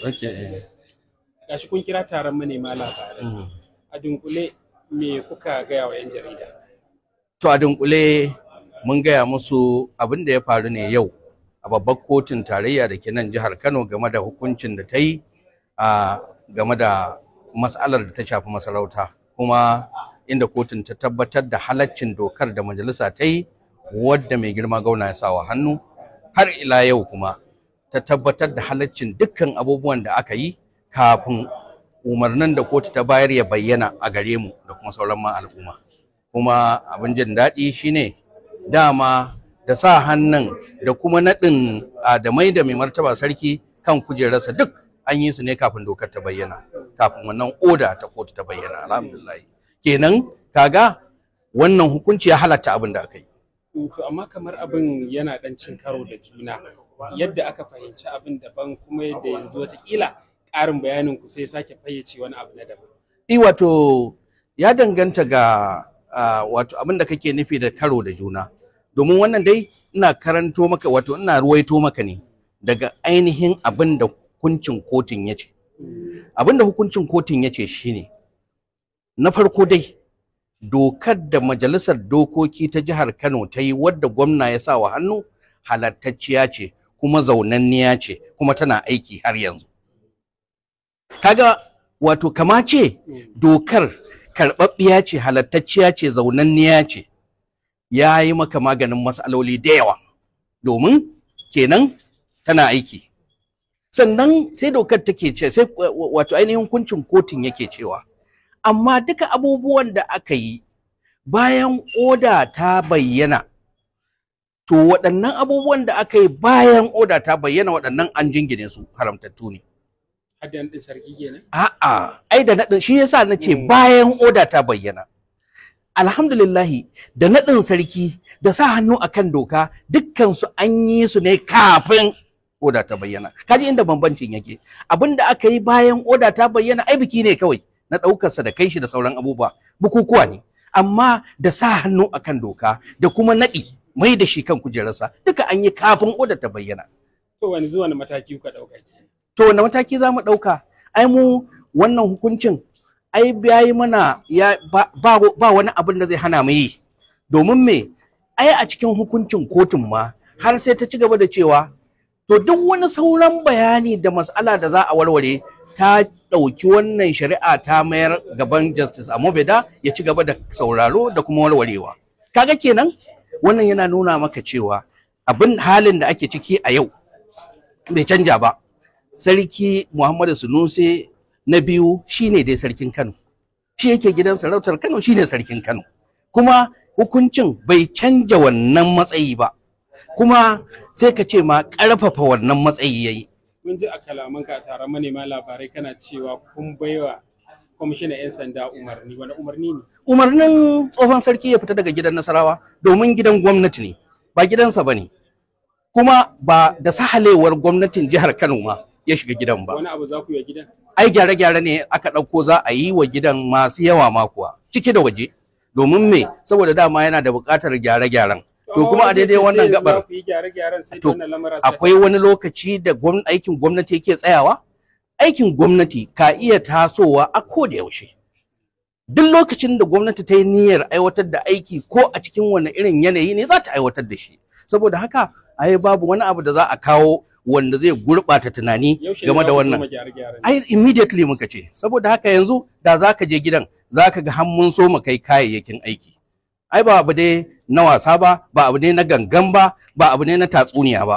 Okay. Gashi kun kira taron manema labarai. Mm. A dunkule me kuka gaya wa 'yan jarida? To a dunkule mun gaya musu abin da ya faru ne yau a babbar kotun tarayya da ke nan jihar Kano game da hukuncin da ta yi game da mas'alar da ta shafi masarauta kuma inda kotun ta tabbatar da halaccin dokar da majalisa ta yi wadda mai girma gauna ya sawa hannu har ila yau kuma ta tabbatar da halaccin dukkan abubuwan da aka yi kafin umarnin da kotu ta bayar ya bayyana a gare mu da kuma sauran ma al'umma kuma abin jin daɗi shine dama da sa hannun da kuma naɗin adamai da mai martaba sarki kan kujerarsa duk an yi su ne kafin dokar ta bayyana kafin wannan oda ta kotu ta bayyana alhamdulillah kenan kaga wannan hukunci ya halatta abin da aka yi amma kamar abin yana ɗan cin karo da juna yadda aka fahimci abin daban kuma yadda yanzu watakila ƙarin bayanin ku sai sake fayyace wani abu na daban. I eh, wato ya danganta ga wato abin da kake nufi da karo da juna domin wannan dai ina karanto maka wato ina ruwaito maka ne daga ainihin abin da hukuncin kotun ya Abin da hukuncin kotun ya shine na farko dai dokar da majalisar dokoki ta jihar Kano ta yi wadda gwamna ya sa wa hannu halattacciya ce kuma zaunanniya ce kuma tana aiki har yanzu kaga wato kama ce dokar karɓaɓɓiya ce halattacciya ce zaunanniya ce ya yi maka maganin matsaloli da yawa domin kenan tana aiki sannan sai dokar take ce sai wato ainihin hukuncin kotun yake cewa amma duka abubuwan da aka yi bayan oda ta bayyana to waɗannan abubuwan da aka yi bayan oda ta bayyana waɗannan an jingine su haramtattu ne sarki a'a ai da naɗin shi yasa ce hmm. bayan oda ta bayyana alhamdulillahi da naɗin sarki da sa hannu akan doka dukkansu an yi su ne kafin oda ta bayyana kaji inda bambancin yake abin da aka yi bayan oda ta bayyana ai biki ne kawai na ɗaukarsa da kai shi da sauran abubuwa bukukuwa ne amma da sa hannu akan doka da kuma naɗi mai da shi kan kujerarsa duka an yi kafin oda ta bayyana to wani zuwa mataki kuka dauka to wani mataki za mu dauka ai mu wannan hukuncin ai yayi mana ya ba, ba, wani abin da zai hana mu yi domin me ai a cikin hukuncin kotun ma har sai ta ci gaba da cewa to duk wani sauran bayani da mas'ala da za a warware ta ɗauki wannan shari'a ta mayar gaban justice amobeda ya ci gaba da sauraro da kuma warwarewa kaga kenan wannan yana nuna maka cewa abin halin da ake ciki a yau bai canja ba sarki muhammadu sunusi na biyu shine dai sarkin kano shi yake gidan sarautar kano shine sarkin kano kuma hukuncin bai canja wannan matsayi ba kuma sai ka ce ma karfafa wannan matsayi yayi mun ji a kalaman a taron manema labarai kana cewa kun baiwa kwamishinan 'yan sanda umarni wani umarni ne umarnin tsohon sarki ya fita daga gidan nasarawa domin gidan gwamnati ne ba gidansa ba ne kuma ba da sahalewar gwamnatin jihar kano ma ya shiga gidan ba wani abu za ku yi gidan ai gyare-gyare ne aka ɗauko za a yi wa gidan masu yawa makuwa ciki da waje domin me saboda dama yana da buƙatar gyare-gyaren to kuma a daidai wannan gabar to akwai wani lokaci da aikin gwamnati yake tsayawa aikin gwamnati ka iya tasowa a ko da yaushe duk lokacin da gwamnati ta yi niyyar aiwatar da aiki ko a cikin wani irin yanayi ne za ta aiwatar da shi saboda haka ai babu wani abu da za a kawo wanda zai gurɓata tunani game da wannan ai immediately muka ce saboda haka yanzu da za ka je gidan za ka ga hannun so mu kai kayayyakin aiki ai ba abu dai na wasa ba ba abu ne na gangan ba ba abu ne na tatsuniya ba